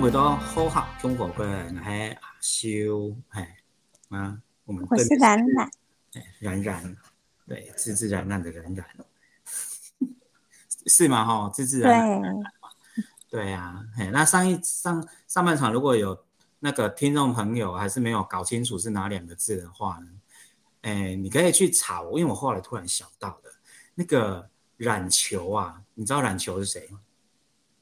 回好中國嘅那啊，那我們對。會識冉冉。冉冉，對，自自然然的冉冉，是嗎？哦、欸，自自然然。對。呀，啊，嘿，那上一上上半場如果有那個聽眾朋友還是沒有搞清楚是哪兩個字的話呢？誒、欸，你可以去查，因為我後來突然想到的，那個冉求啊，你知道冉求是誰嗎？